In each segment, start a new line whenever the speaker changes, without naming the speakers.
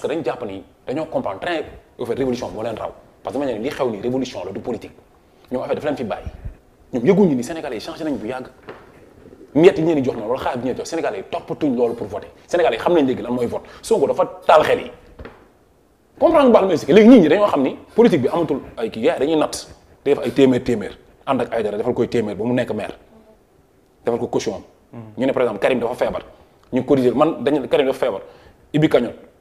parce que dañu jàpp ni dañoo comprendre train au fait révolution moo leen raw parce que ma ne li xew ni révolution la du politique ñoom affaire dafa leen fi bàyyi ñoom yëguñu ni sénégalais yi changé nañ bu yàgg miette yi ñu leen jox noonu wala xaalis bi ñu leen jox sénégalais yi toppatuñ loolu pour voter sénégalais yi xam nañ léegi lan mooy vote Sonko dafa taal xel yi comprendre baax musique léegi nit ñi dañoo xam ni politique bi amatul ay kii yaay dañuy natt day def ay téeméer téeméer ànd ak ay dara defal koy téeméer ba mu nekk maire defal ko caution mm-hmm. ñu ne par exemple Karim dafa feebar ñu corriger man dañu Karim dafa feebar Ibi Kañot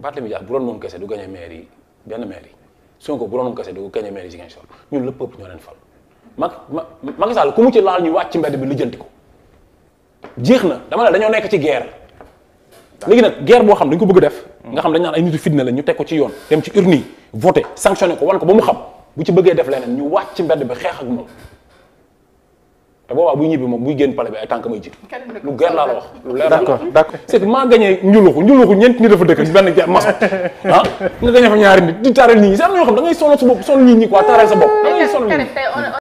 Barthélemy Dias bu doon moom kese du gagné maire yi benn maire yi ko bu doon moom kese du gagné maire yi Ziguinchor ñun le peuple ñoo leen fal mag Macky Sall ku mu ci laal ñu wàcc ci mbedd bi lijjanti ko jeex na dama la dañoo nekk ci guerre léegi nag guerre boo xam dañ ko bëgg def nga xam dañ naan ay nitu fitna la ñu teg ko ci yoon dem ci urne yi voté sanctionné ko wan ko ba mu xam bu ci bëggee def leneen ñu wàcc ci mbedd bi xeex ak moom te boobaa buy ñibbi moom buy génn palais bi ay tànk may lu gër laa la wax lu leer d'accord d'accord c'est que maa gagné njuluxu njuluxu ñeent nit dafa dëkk benn ja maso ah nga gagné fa ñaari nit di taaral nit ñi am na ñoo xam da ngay sonal sa bopp sonal nit ñi quoi taaral sa bopp da ngay sonal nit